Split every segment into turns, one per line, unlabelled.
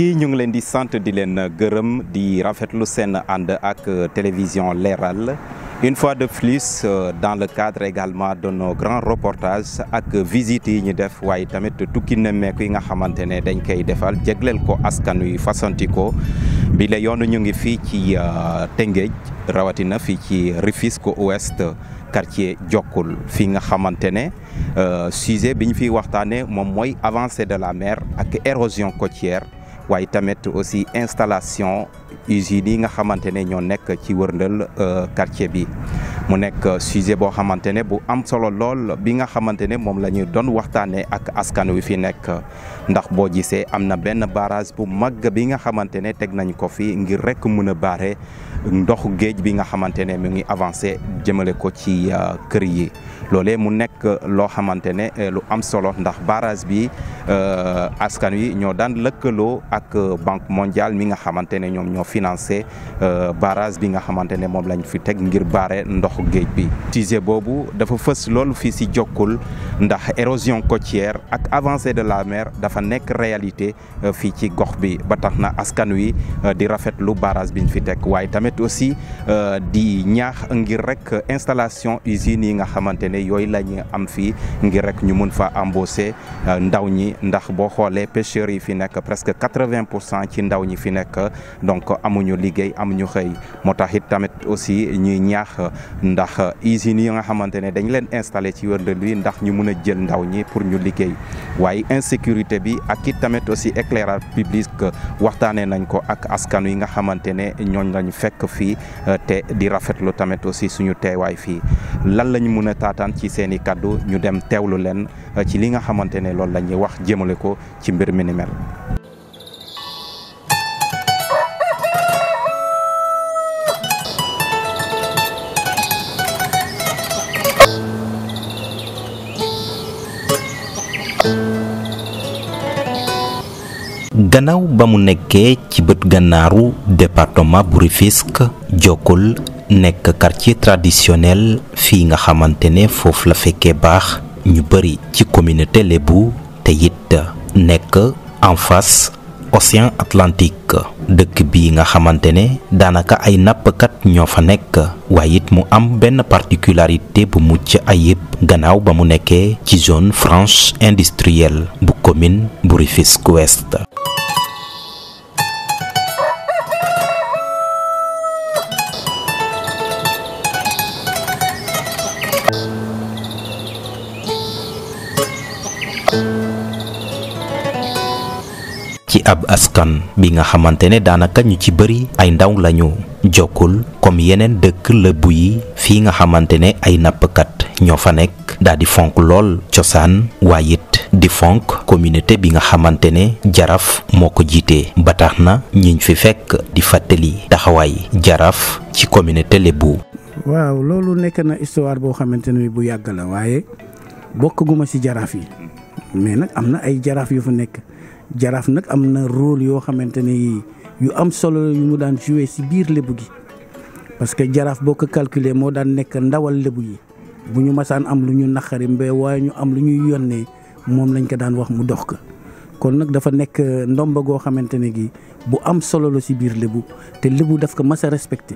yi ñu ngi leen di sant di leen gërëm di rafetlu seen ànd ak télévision Leral une fois de plus euh, dans le cadre également de nos grands reportages ak visites yi ñu def waaye tamit tukki nemmeeku yi nga xamante ne dañ koy defal jegleel ko askan wi fasanti bi la yoon ñu ngi fii ci euh, Tëngéej rawatina fii ci Rufisque Ouest quartier Jokkul fii nga xamante ne euh, sujet bi ñu fiy waxtaanee moom mooy avancée de la mer ak érosion côtière waaye tamit aussi installation usines yi nga xamante ne ñoo nekk ci wërndal euh, quartier bi mu nekk euh, sujet boo xamante ne bu am solo lool bi nga xamante ne moom la ñu doon waxtaanee ak askan wi fi nekk ndax boo gisee am na benn barrage bu mag bi nga xamante ne teg nañ ko fi ngir rek mën a baare ndox géej bi nga xamante ne mu ngi avancé jëmale ko ci euh, kër yi loolee mu nekk loo xamante ne euh, lu am solo ndax barrage bi euh, askan wi ñoo daan lëkkaloo ak banque mondial mi nga xamante ne ñoom ñoo financé euh, barrage bi nga xamante ne moom lañ fi teg ngir bare ndoxu géej bi. sujet boobu dafa fës loolu fii si Jokkul ndax érosion côtière ak avancée de la mer dafa nekk réalité fii ci gox bi ba tax na askan wi di rafetlu barrage biñ fi teg waaye tamit aussi di ñaax ngir rek installation usines yi nga xamante ne ñaari yooyu la ñu am fii ngir rek ñu mun fa embaucher euh, ndaw ñi ndax boo xoolee pêcheurs yi fi nekk presque quatre-vingt pour cent ci ndaw ñi fi nekk donc amuñu liggéey amuñu xëy moo tax it tamit aussi ñuy ñaax ndax usines yi nga xamante ne dañ leen installé ci wér bi ndax ñu mun a jël ndaw ñi pour ñu liggéey waaye insécurité bi ak it tamit aussi éclairage public waxtaanee nañ ko ak askan yi nga xamante ne ñooñ lañ fekk fii te di rafetlu tamit aussi suñu teewaay fii lan lañ mun a taataan kontaan ci seen i kàddu ñu dem teewlu leen euh, ci li nga xamante ne loolu la ñuy wax jëmale ko ci mbir mi ni mel.
gannaaw ba mu nekkee ci bët gànnaaru département bu Rufisque Diokoul nekk quartier traditionnel fii nga xamante ne foofu la fekkee baax ñu bëri ci communauté lébu te it nekk en face océan Atlantique dëkk bi nga xamante ne daanaka ay nappkat ñoo fa nekk waaye it mu am benn particularité bu mucc ayib gannaaw ba mu nekkee ci zone franche industrielle bu commune bu Rufisque ab askan bi nga xamante ne daanaka ñu ci bëri ay ndaw lañu jokkul comme yeneen dëkk lëbbu yi fii nga xamante ne ay nappkat ñoo fa nekk daal di fonk lool cosaan waay it di fonk communauté bi nga xamante ne jaraaf moo ko jiite ba tax na ñiñ fi fekk di fàttali taxawaay jaraaf ci communauté lëbbu.
waaw loolu nekk na histoire boo xamante ne bu yàgg la waaye bokk ci jaraaf yi mais nag am na ay jaraaf yu fa nekk. jaraaf nag am na rôle yoo xamante ne yu am solo yu mu daan joué si biir lébu gi parce que jaraaf boo ko calculer moo daan nekk ndawal lébu yi bu ñu masaan am lu ñu naqari mbé waaye ñu am lu ñuy yónnee moom lañ ko daan wax mu dox ko kon nag dafa nekk euh, ndomba goo xamante ne gi bu am solo la si biir lébu te lébu daf ko mas a respecté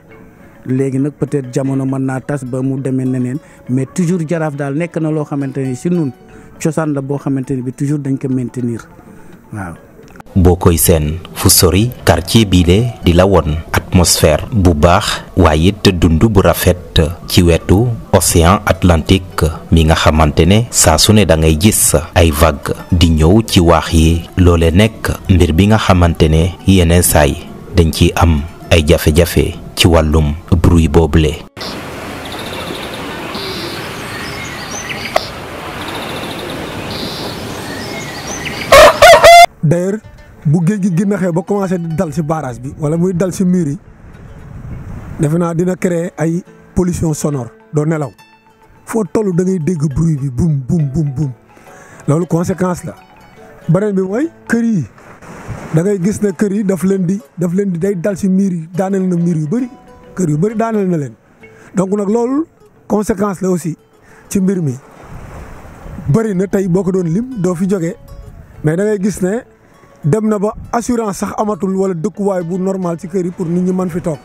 léegi nag peut-être jamono mën naa tas ba mu demee neneen mais toujours jaraaf daal nekk na loo xamante ne si nun cosaan la boo xamante ne toujours dañ ko maintenir
boo koy seen fu sori quartier biile di la won atmosphère bu baax waaye it dund bu rafet ci wetu océan Atlantique mi nga xamante ne saa su ne da ngay gis ay vague di ñëw ci wax yi loole nekk mbir bi nga xamante ne yeneen saay dañ ci am ay jafe-jafe ci wàllum bruit boobule.
d'ailleurs bu géej gi ginnaxee ba commencé di dal si barrage bi wala muy dal si mur yi defe naa dina créer ay pollution sonore doo nelaw foo toll da ngay dégg bruit bi bum buum buum bum loolu conséquence la beneen bi mooy kër yi dangay gis ne kër yi daf leen di daf leen di day dal si miir yi daaneel na miir yu bëri kër yu bëri daaneel na leen donc nag loolu conséquence la aussi ci mbir mi bëri na tey boo ko doon lim doo fi jógee mais da gis ne dem na ba assurance sax amatul wala dëkkuwaay bu normal ci kër yi pour nit ñi mën fi toog.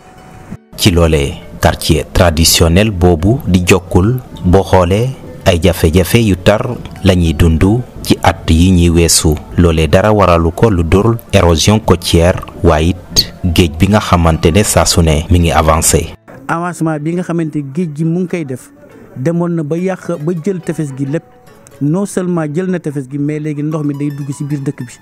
ci loolee quartier traditionnel boobu di jokkul boo xoolee ay jafe-jafe yu tar la ñuy dund ci at yi ñuy weesu loolee dara waralu ko lu dul érosion côtière waaye géej bi nga xamante ne saa su ne mi ngi avancé.
avancement bi nga xamante géej gi mu ngi koy def demoon na ba yàq ba jël tefes gi lépp non seulement jël na tefes gi mais léegi ndox mi day dugg ci biir dëkk bi.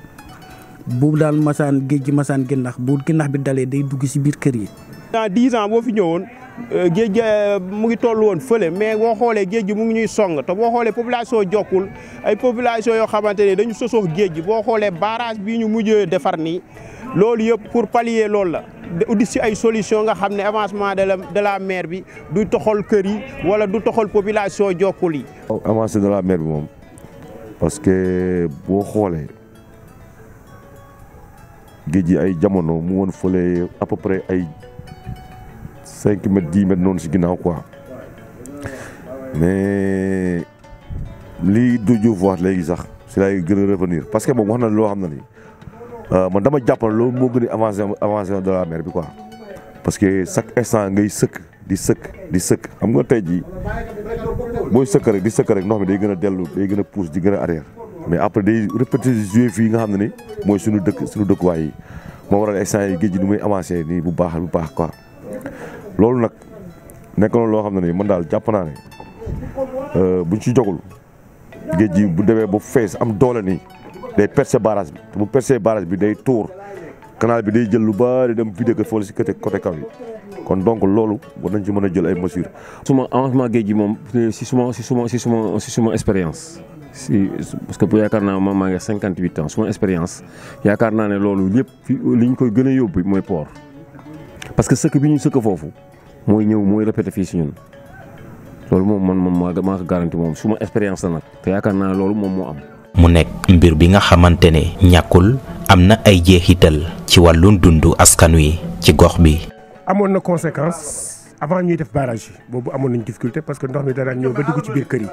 bu daal masaan géej gi masaan ginnax bu ginnax bi dalee day dugg si biir kër
yi. dans dix ans boo fi ñëwoon euh, géej gi euh, mu ngi toll woon fële mais boo xoolee géej gi mu ngi ñuy song te boo xoolee population jokkul ay population yoo xamante ne dañu sosoox géej gi boo xoolee barrage bii ñu mujjee defar nii loolu yëpp pour pallier loolu la. di si ay solution nga xam ne avancement de la de bi du toxal kër yi wala du toxal population jokkul yi.
avancée de la mer bi moom parce que boo xoolee. géej gi ay jamono mu woon fële à peu près ay cinq mètres dix mètres noonu si ginnaaw quoi mais lii du Diouf wax léegi sax si laay gën a revenir parce que moom wax na loo xam ne nii euh, man dama jàpp loolu moo gën a avancé avancé de la bi quoi parce que chaque instant ngay sëkk di sëkk di sëkk xam nga tey jii booy sëkk rek di sëkk rek ndox mi day gën a dellu day gën a pousse di gën a arrière. mais après day répété joué fii nga xam ne ni mooy suñu dëkk suñu dëkkuwaay yi moo a instant yi géej gi ni muy avancé nii bu baax bu baax quoi loolu nag nekk na loo xam ne ni man daal jàpp naa ne euh, buñ ci jogul géej gi bu demee ba fees am doole nii day percer barrage bi te bu percer barrage bi day tuur canal bi day jël lu bari dem vidéo ko fool si côté côté kaw yi kon donc loolu war nañ ci a jël ay mesures. suma avancement géej gi moom si
suma si suma si suma si suma expérience. si parce que yaakaar naa ma maa ngi cinquante huit ans suma expérience naa ne loolu lépp li ñu koy gën a yóbbu mooy port. parce que sëkk bi ñu sëkk foofu mooy ñëw mooy répété fii si loolu moom man moom maa maa ko garanti moom suma expérience la nag te yaakaar naa loolu moom moo am.
mu nekk mbir bi nga xamante ne ñàkkul am na ay jeexital ci wàllu dundu askan wi ci gox bi.
amoon na conséquence avant ñuy def barrage yi boobu amoon nañ difficulté parce que ndox mi daan ñëw ba dugg ci biir kër yi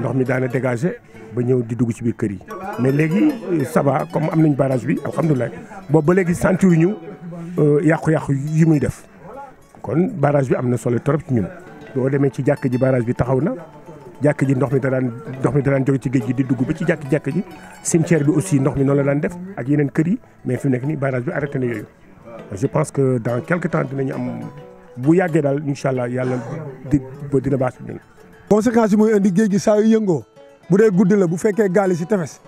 ndox mi daana dégagé ba ñëw di dugg ci biir kër yi mais léegi euh, ça comme am nañ barrage bi alhamdulilah boobu ba léegi sentir ñu euh, yàqu-yàqu yi muy def kon barrage bi am na solo trop ñun boo demee ci jàkk ji barrage bi taxaw na jàkk ji ndox mi da ndox mi da ci géej gi di dugg ba ci jàkk jàkk ji bi aussi ndox mi noonu la ak yeneen kër yi mais fi mu nekk nii barrage bi arrêté na yooyu je pense que dans
quelque temps dinañu am bu yàggee daal incha allah yàlla di ba dina baax ñun. conséquence yi mooy indi géej gi saa yëngoo bu dee guddi la bu fekkee gaal yi si tefes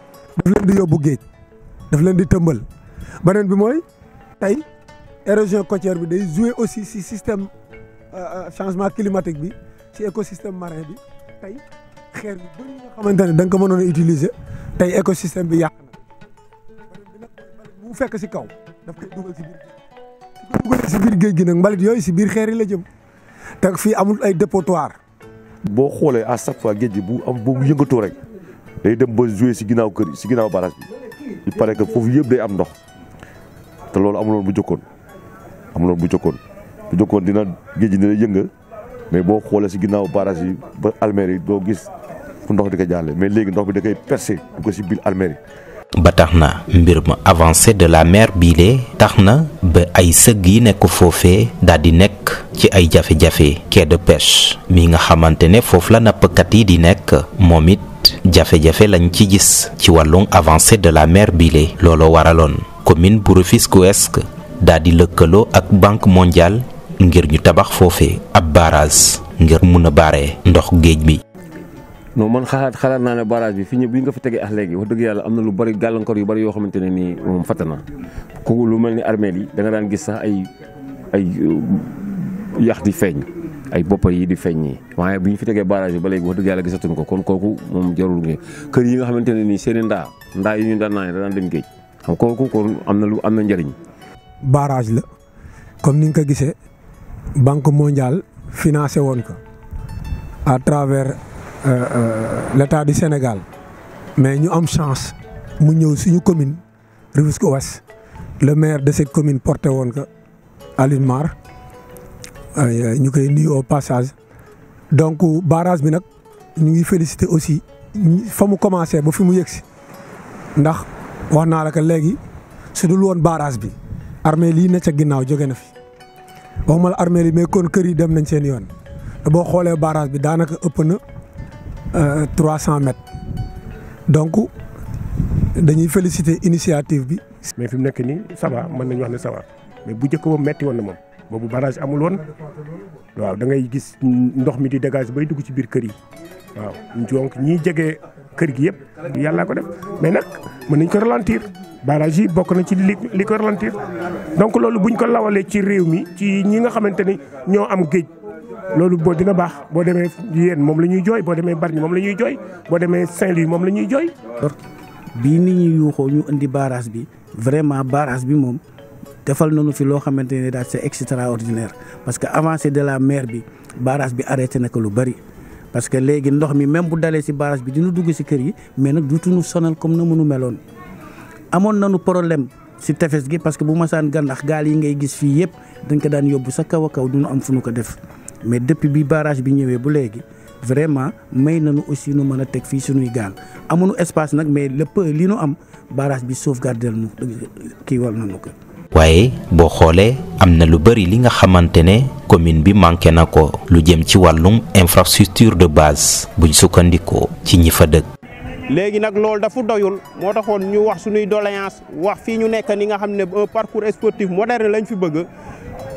daf leen di yóbbu géej daf leen di tëmbal beneen bi mooy tey érosion côtière bi day jouer aussi si système euh, euh, changement climatique bi ci écosystème marin bi tey xeer yu bëri nga xamante ne da nga ko mënoon utiliser tey écosystème bi yàq na bu fekk si kaw. daf koy dugal
si biir géej gi nag mbalit yooyu si biir xeer yi la jëm te fii amul ay dépotoir boo xoolee à chaque fois géej gi bu am bu yëngatoo rek day dem ba jouer si ginnaaw kër si ginnaaw barrage bi il paraît que foofu yëpp day am ndox te loolu amuloon bu jokkoon amuloon bu jokkoon bu jokkoon dina géej gi dina yënga mais boo xoolee si ginnaaw barrage yi ba almere yi doo gis fu ndox di ka jàlle mais léegi ndox bi da koy percé du ko si biir almere
ba tax na mbir ma avancée de la mer biile tax na ba ay sëg yi nekk foofee daal di nekk ci ay jafe-jafe quai de pêche mi nga xamante ne foofu la nappkat yi di nekk moom it jafe-jafe lañ ci gis ci wàllum avancée de la mer biile looloo waraloon commune bu Rufisque Ouest daal di lëkkaloo ak banque mondial ngir ñu tabax foofe ab barrage ngir mun a baare ndox géej
bi non man xalaat xalaat naa ne barrage bi fi ñëw bi nga fi tegee ak léegi wax dëgg yàlla am na lu bari gàllankoor yu bari yoo xamante ne nii moom fatt na ku lu mel ni armée yi da daan gis sax ay ay euh, yax di feeñ ay boppa yi di feeñ ñi waaye bi ñu fi tegee barrage bi ba léegi wax dëgg yàlla ko kon kooku moom jarul ngeen kër yi nga xamante ne nii seen ndaa ndaa yi ñu daan naan da daan dem géej kooku kon am na lu am na njëriñ.
la comme ni nga ko gisee banque mondiale financé woon ko à travers. Euh, euh, l'État du Sénégal mais ñu am chance mu ñëw suñu commune Rufisque Ouest le maire de cette commune porté woon ko Alioune Mar ñu koy nuyu au passage donc barrage bi nag ñu ngi félicité aussi fa mu commencé ba fi mu yëgsi ndax wax naa la que léegi su dul woon barrage bi armée lii na ca ginnaaw jóge na fi waxuma la armée mais kon kër yi dem nañ seen yoon boo xoolee barrage bi daanaka ëpp na. Euh, trois cent mètres donc dañuy
féliciter initiative bi. mais fi mu nekk nii ça va mën nañu wax ne ça mais bu njëkk boobu metti woon na moom boobu barrage amul woon waaw da ngay gis ndox mi di dégage bay dugg ci biir kër yi waaw donc ñiy jege kër gi yëpp yàllaa ko def mais nag mën nañ ko ralentir. barrage yi bokk na ci li li ko ralentir donc loolu buñ ko lawalee ci réew mi ci ñi nga xamante ni ñoo am géej. loolu boo dina baax boo demee yéen moom la ñuy jooy boo demee bari moom lañuy ñuy jooy boo demee Saint-Louis moom la ñuy jooy. bii nit ñi
yuuxoo ñu indi barrage bi vraiment barrage bi moom defal na nu fi loo xamante ne daal c'est extraordinaire parce que avancée de la mer bi barrage bi arrêté na ko lu bari. parce que léegi ndox mi même bu dalee si barrage bi dina dugg si kër yi mais nag dutuñu sonal comme na mënu meloon amoon nañu problème si tefes gi parce que bu masaan gàndax gaal yi ngay gis fii yépp dañ ko daan yóbbu sa kaw a kaw duñu am fu ko def. mais depuis bi barrage bi ñëwee bu léegi vraiment may na nañu aussi nu mën a teg fii suñuy gaal amuñu espace nag mais lépp li nu am barrage bi sauvegardel nu kii wal nañu ko.
waaye boo xoolee am na lu bëri li nga xamante ne commune bi manqué na ko lu jëm ci wàllum infrastructure de base buñ sukkandikoo ci ñi fa dëkk.
léegi nag loolu dafa doyul moo taxoon ñu wax suñuy doléance wax fii ñu nekk ni nga xam ne un parcours sportif moderne lañ fi bëgg.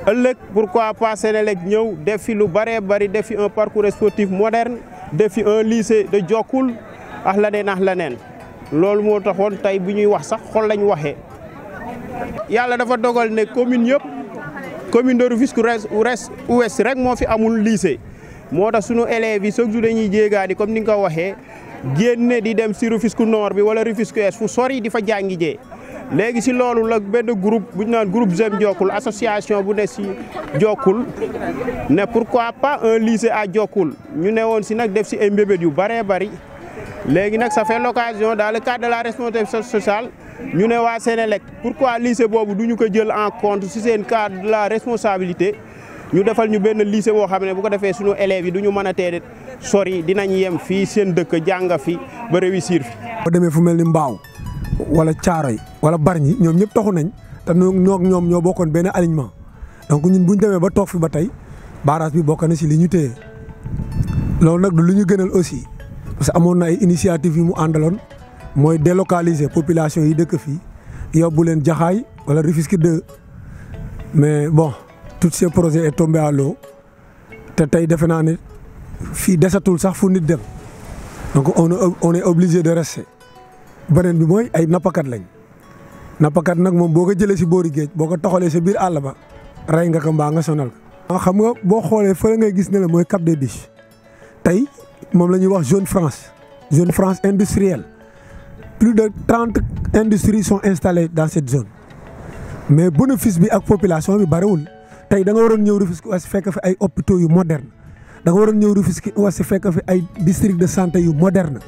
ëllëg pourquoi pas Sénélec ñëw def fi lu bëree bëri def fi un parcours sportif moderne def fi un lycée de Jokkul ak leneen ak leneen loolu moo taxoon tey bu ñuy wax sax xol lañ waxee. yàlla dafa dogal ne commune yëpp commune de Rufisque ouest rek moo fi amul lycée moo tax sunu élèves yi chaque jour dañuy jéegaani comme ni nga ko waxee génne di dem si ku noor bi wala Rufisque est fu sori di fa jàngi jee léegi si loolu la benn groupe bu ñu naan groupe Jeunes Diokoul association bu ne si Diokoul ne pourquoi pas un lycée à Diokoul ñu ne woon si nag def si ay mbébét yu bëree bari léegi nag ça fait l'occasion dans le cadre de la responsabilité sociale ñu ne waa Sénélec pourquoi lycée boobu du ñu ko jël en compte si seen cadre la responsabilité ñu defal ñu benn lycée boo xam ne bu ko defee suñu élèves yi du ñu mën a teel sori dinañ yem fii seen dëkk jàng fi ba réussir fi.
ba demee fu mel wala Caaroy wala Bargny ñoom ñëpp taxu nañ te ñoo ñoom ñoo bokkoon benn alignement donc ñun bu ñu demee ba toog fi ba tey barrage bi bokk na si li ñu téye loolu nag du lu ñu gënal aussi parce que amoon na ay initiative yu mu àndaloon mooy délocaliser population yi dëkk fii bu leen Jaxaay wala Rufisque 2 mais bon tous ces projet est tombé à l'eau te tey defe naa ne fii desatul sax fu nit dem donc on on est obligé de rester. beneen bi mooy ay nappakat lañ nappakat nag moom boo ko jëlee si boori géej boo ko taxalee sa biir àll ba rey nga ko mbaa nga sonal ko. xam nga boo xoolee fële ngay gis ne la mooy Cap des Biches tey moom la ñuy wax zone France zone France industrielle plus de trente industries sont installées dans cette zone mais bénéfice bi ak population bi bariwul tey da nga waroon ñëw Rufisque Ouest fekk fi ay hôpitaux yu moderne danga nga waroon ñëw Rufisque Ouest fekk fi ay district de santé yu moderne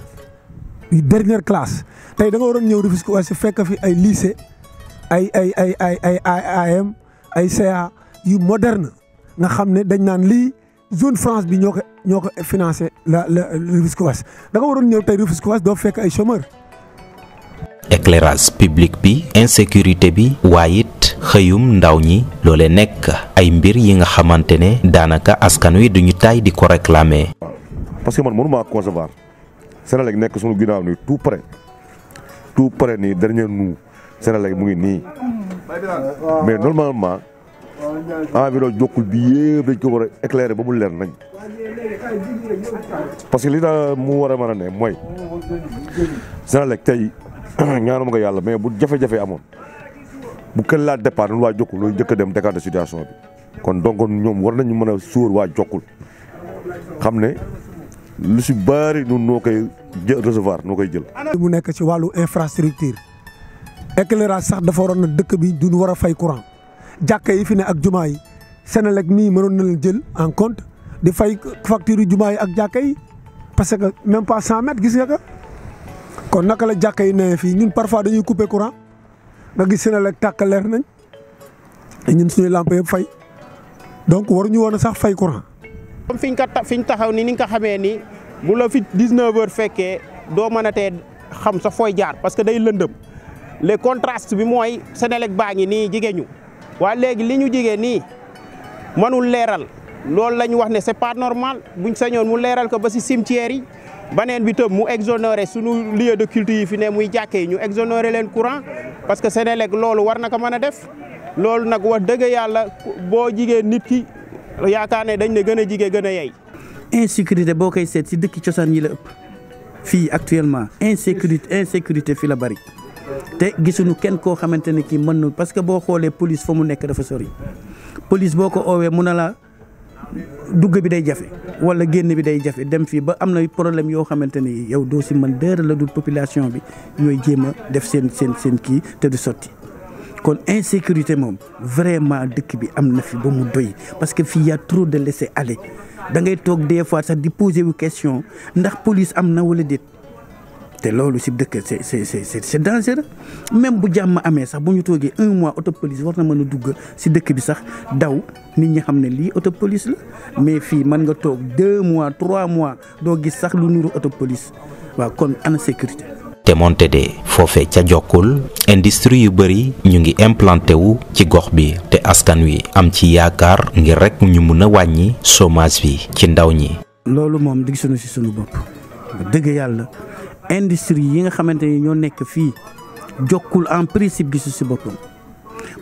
dernière classe tey da nga waroon ñëw Rufisque Ouest fekk fi ay lycée ay ay ay ay ay AAM ay CA yu moderne nga xam ne dañ naan lii zone France bi ñoo ko ñoo ko financé la la Rufisque Ouest da nga waroon ñëw tey Rufisque Ouest doo fekk ay chômeur
éclairage public bi insécurité bi waaye it xëyum ndaw ñi loole nekk ay mbir yi nga xamante ne daanaka askan wi duñu tay di ko réclamer.
parce que man mënuma concevoir Senelec nekk suñu ginnaaw nii tout près tout près nii dernier nous Senelec mu ngi nii mais normalement environ jokkul bi yëpp dañ ko war a éclairer ba mu leer nañ parce que li daa mu war a mën a ne mooy Senelec tey ñaanuma ko yàlla mais bu jafe-jafe amoon bu kenn laa départ nun waa jokkul loolu njëkk a dem décanté situation bi kon donc ñoom war nañu mën a sóor waa jokkul xam ne lu si bari ñun noo koy recevoir noo koy jël.
mu nekk ci wàllu infrastructure éclairage sax dafa waroon na dëkk bi duñu war a fay courant jàkka yi fi ne ak jumaa yi Senelec mii mënoon na jël en compte di fay facture yu jumaa yi ak jàkka yi parce que même pas cent mètres gis nga ko kon naka la jàkka yi nee fii ñun parfois dañuy couper courant nga gis Senelec tàkk leer nañ ñun suñuy lampe yëpp fay donc waruñu woon a sax fay courant.
comme fi ñu ko fi ñu taxaw ni ni nga ko xamee ni bu la fi 19 fekkee doo mën a tee xam sa fooy jaar parce que day lëndëm le contrastes bi mooy Senelec baa ngi nii jigéen ñu waaye léegi li ñu jigéen nii mënul leeral loolu la ñu wax ne c'est pas normal buñ sañoon mu leeral ko ba si cimetière yi baneen bi tam mu exonéré suñu lieu de culte yi fi ne muy jàkkee ñu exonéré leen courant parce que Senelec loolu war na ko mën a def loolu nag wax dëgg yàlla boo jigéen nit ki yaakaar ne dañ ne gën a jige gën a yey. insécurité boo koy seet si
dëkki cosaan yi la ëpp fii actuellement insécurité insécurité fi la bari te gisuñu kenn koo xamante ne kii mën na parce que boo xoolee police fa mu nekk dafa sori police boo ko oowee mun na la dugg bi day jafe wala génn bi day jafe dem fii ba am na problème yoo xamante ne yow doo si mën dër la dul population bi ñooy jéem a def seen seen seen kii te du sotti. kon insécurité moom vraiment dëkk bi am na fi ba mu doy parce que fii yaa a trop de laisser aller da ngay toog des fois sax di poser wu question ndax police am na wala déet te loolu si dëkk c'est c'est c'est dangereux même bu jàmm amee sax bu ñu toogee un mois auto police war na mën a dugg si dëkk bi sax daw nit ñi xam ne lii auto police la mais fii mën nga toog deux mois trois mois doo gis sax lu nuru auto police waaw kon ana sécurité.
te moonte de foofe ca jokkul industrie yu bëri ñu ngi implanté wu ci gox bi te askan wi am ci yaakaar ngir rek ñu mun a wàññi chômage bi ci ndaw ñi.
loolu moom di sunu si sunu bopp dëgg yàlla industrie yi nga xamante ni ñoo nekk fii jokkul en principe gisu si boppam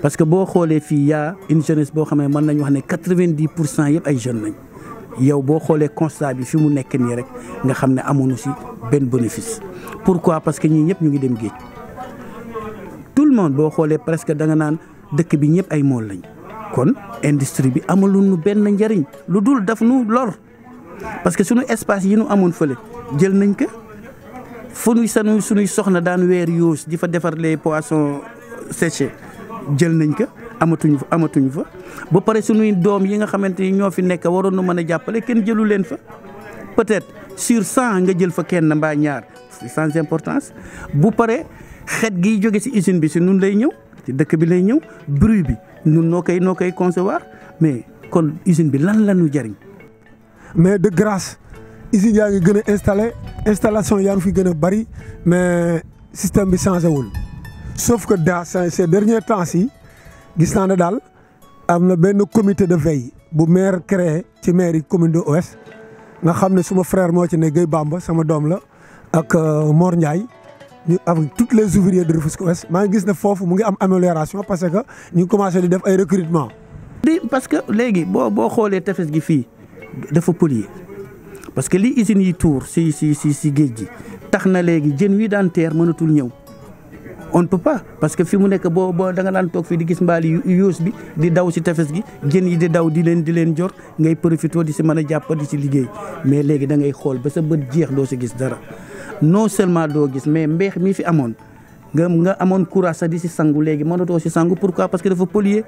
parce que boo xoolee fii yaa une jeunesse boo xam ne mën nañu wax ne quatre-vingt-dix pour cent yëpp ay jeunes lañ. yow boo xoolee constat bi fi mu nekk nii rek nga xam ne amoonu si benn bénéfice pourquoi parce que ñii ñëpp ñu ngi dem géej tout le monde boo xoolee presque da nga naan dëkk bi ñëpp ay mool lañ kon industrie bi amaloon nu benn njariñ lu dul daf nu lor parce que suñu espace yi nu amoon fële jël nañ ko foo nuy sa suñuy soxna daan weer yoos di fa defar les poissons séchés jël nañ ko amatuñ fa amatuñ fa ba pare suñuy doom yi nga xamante ni ñoo fi nekk waroon na mën a jàppale kenn jëlu leen fa peut-être sur cent nga jël fa kenn mbaa ñaar sans importance bu pare xet gi jóge si usine bi si nun lay ñëw ti dëkk bi lay ñëw bruit bi nun noo koy noo koy concevoir
mais kon usine bi lan la ñu jariñ mais de grâce usine yaa ngi gën a installé installation yaa ngi fi gën a bari mais système bi changé wul sauf que daa ces derniers temps ci gis naa ne daal am na benn commité de veille bu maire créé ci maire commune de Ouest nga xam ne suma frère moo ci ne Guèye Bamba sama doom la ak euh, Mor Ndiaye ñu avec toutes les ouvriers de Rufisque Ouest maa ngi gis ne foofu mu ngi am amélioration parce que ñu commencé di def ay recrutement di parce
que léegi boo boo xoolee tefes gi fii dafa pollué
parce que li usines yi
tuur si si si si géej gi tax na léegi jën wii daan teer mënatul ñëw. on ne parce que fi mu nekk boo boo da nga daan toog fii di gis mbaali yuus bi di daw si tefes gi jën yi di daw di leen di leen jor ngay profité di si mën a jàpp di si liggéey mais léegi da xool ba sa bët jeex doo si gis dara non seulement doo gis mais mbeex mi fi amoon nga nga amoon courage sax di si sangu léegi mënatoo si sangu pourquoi parce que dafa polluer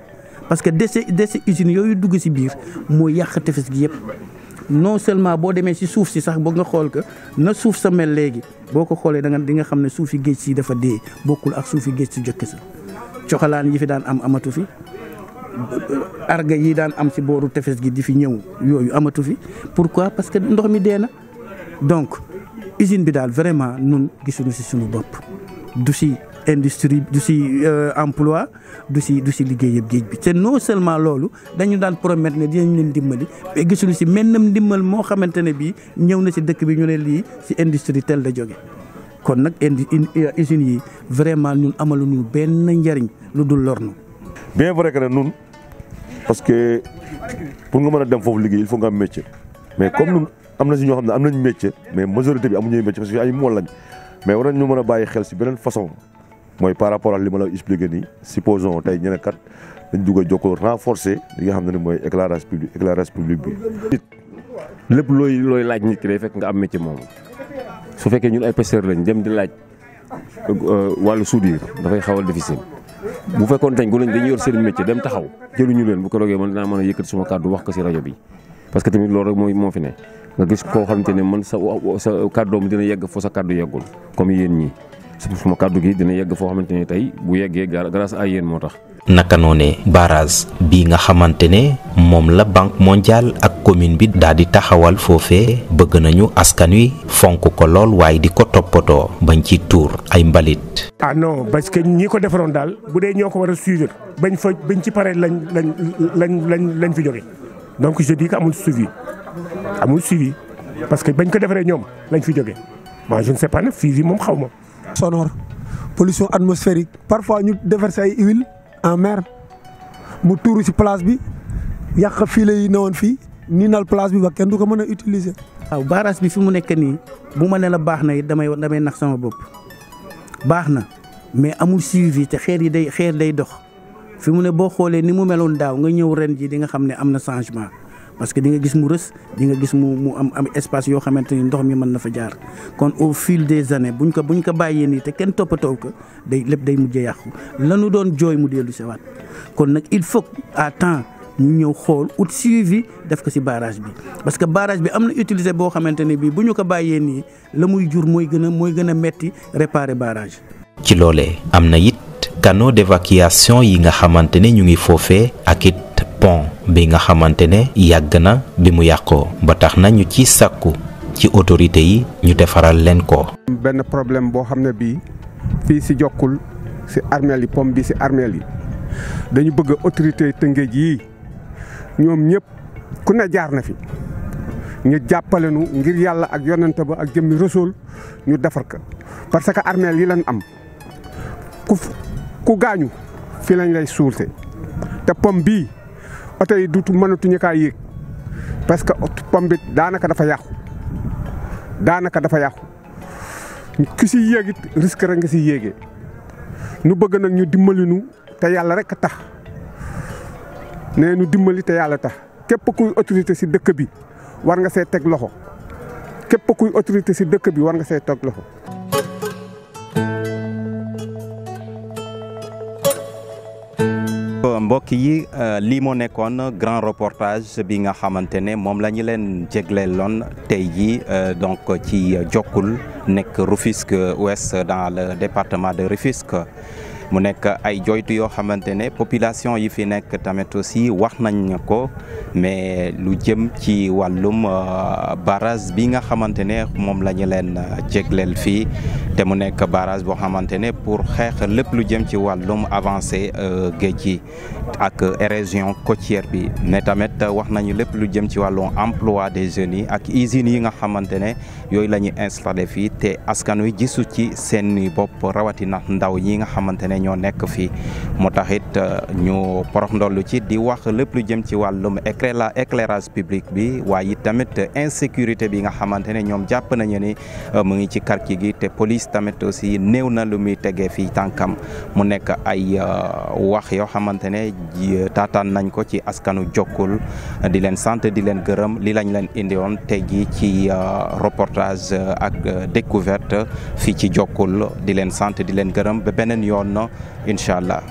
parce que déchets déchets usines yooyu dugg si biir moo yàq tefes gi yëpp non seulement boo demee si suuf si sax ba nga xool que na suuf sa mel léegi boo ko xoolee da nga di nga xam ne suufi géej si dafa dee bokkul ak suufi géej si jëkk sa coxalaan yi fi daan am amatu fi arga yi daan am si booru tefes gi di fi ñëw yooyu amatu fi pourquoi parce que ndox mi dee na donc usine bi daal vraiment nun gisuñu si suñu bopp du si industrie du si euh, emploi du si du si liggéey yëpp géej bi te non seulement loolu dañu daan promettre ne dinañ leen dimbali mais gisuñu si menn ndimbal moo xamante ne bii ñëw na si dëkk bi ñu ne lii si industrie tel la joge kon nag indi euh, usines yi vraiment ñun amaluñu benn njariñ lu dul lornu
bien vrai que nun parce que pour nga mën a dem foofu liggéey il faut nga am métier mais comme nun am na si ñoo xam ne am nañ métier mais majorité bi amuñu métier parce que ay mool mais war nañu mën a bàyyi xel si beneen façon mooy par rapport ak li ma la expliqué nii supposons tey ñu ne kat dañ dugg a jokkoo renforcer li nga xam ne ni mooy éclairage public éclairage public bi. nit lépp looy looy laaj nit ki day fekk nga am métier
moom su fekkee ñun ay pêcheurs lañ dem di laaj euh, wàllu soudure dafay xawal difficile bu fekkoon teñ ko lañ dañuy yor seen métier dem taxaw jëluñu leen bu ko rogee man dinaa mën a yëkkati suma kàddu wax ko si rajo bi. parce que tamit loolu rek mooy moo fi ne nga gis koo xamante ne man sa sa kàddoom dina yegg foo sa kàddu yeggul comme yéen ñi surtout suma kàddu gi dina yegg foo xamante ne tey bu yeggee grâce à yéen moo tax.
naka noonee barrage bii nga xamante ne moom la banque mondiale ak commune bi daal di taxawal foofee bëgg nañu askan wi fonk ko lool waaye di ko toppatoo bañ ci tuur ay mbalit.
ah non parce que ñi ko defaroon daal bu dee ñoo ko war a suivre bañ fa bañ ci paree lañ lañ lañ lañ lañ fi jóge donc je dis que amul suivi amul suivi parce que bañ ko defaree ñoom
lañ fi jóge moi je ne fii moom xaw ma. sonore pollution atmosphérique parfois ñu déverser ay huile en mer mu tuuru si place bi yàq fii lay newoon fii nii nal place bi ba kenn du ko mën a utiliser. waaw barrage bi fi mu nekk
nii bu ma ne la baax na it damay damay nax sama bopp baax na mais amul suivi te xeer yi day xeer day dox fi mu ne boo xoolee ni mu meloon daaw nga ñëw ren ji di nga xam ne am na changement. parce que di nga gis mu rës di gis mu mu am am espace yoo xamante ni ndox mi mën na fa jaar kon au fil des années buñ ko buñ ko bàyyee nii te kenn toppatoo ko day lépp day mujj yàqu lanu doon jooy mu dellu sewaat kon nag il faut à temps ñu ñëw xool ut suivi def ko si barrage bi parce que barrage bi am na utilisé boo xamante ne bii bu ñu ko bàyyee nii la muy jur mooy gën a mooy gën a metti réparer barrage.
ci loole am na it canaux d'évacuation yi nga xamante ne ñu ngi foofee ak it pont bi nga xamante ne yàgg na bi mu yàqoo ba tax nañu ci sàkku ci autorité
yi ñu defaral leen ko. benn problème boo xam ne bii fii si jokkul si armeel yi pom bi si armeel yi dañu bëgg autorité Tëngéej yii ñoom ñëpp ku ne jaar na fi ñu jàppale ngir yàlla ak yonante ba ak jëmmi Rasuul ñu defar ko parce que armeel yi lañ am ku ku gaañu fii lañ lay suulte te pom bii oto yi duutu mënatuñu kaa yéeg parce que pom bi daanaka dafa yàqu daanaka dafa yàqu ki si yéegit it risque rek nga si yéege nu bëgg nag ñu dimbali nu te yàlla rek tax nee nu dimbali te yàlla tax képp kuy autorité si dëkk bi war nga see teg loxo képp kuy autorité si dëkk bi war nga see teg loxo.
mbokk yi euh, lii moo nekkoon grand reportage bi nga xamante ne moom la ñu leen jégleeloon tey jii euh, donc ci Jokkul nekk Rufisque Ouest dans le département de Rufisque mu nekk ay joytu yoo xamante ne population yi fi nekk tamit aussi wax nañ ko mais lu jëm ci wàllum euh, barrage bi nga xamante ne moom lañu leen euh, jégleel fii te mu nekk barage boo xamante ne pour xeex lépp lu jëm ci wàllum avancée euh, géej gi ak érosion côtière bi ne tamit wax nañu lépp lu jëm ci wàllum emploi des jeunes yi ak usines yi nga xamante ne yooyu la ñu installé fii te askan wi gisu ci seen bopp rawatina ndaw ñi nga xamante ne ñoo nekk fii moo tax it euh, ñu porox ndollu ci di wax lépp lu jëm ci wàllum éclairage public bi waaye it tamit insécurité bi nga xamante ne ñoom jàpp nañu ni euh, mu ngi ci quartier gi te police tamit aussi néew na lu muy tegee fii tànkam mu nekk ay euh, wax yoo xamante ne taataan nañ ko ci askanu jokkul di leen sant di leen gërëm li lañ leen indiwoon tey jii ci reportage ak découverte fii ci jokkul di leen sant di leen gërëm ba beneen yoon incha allah.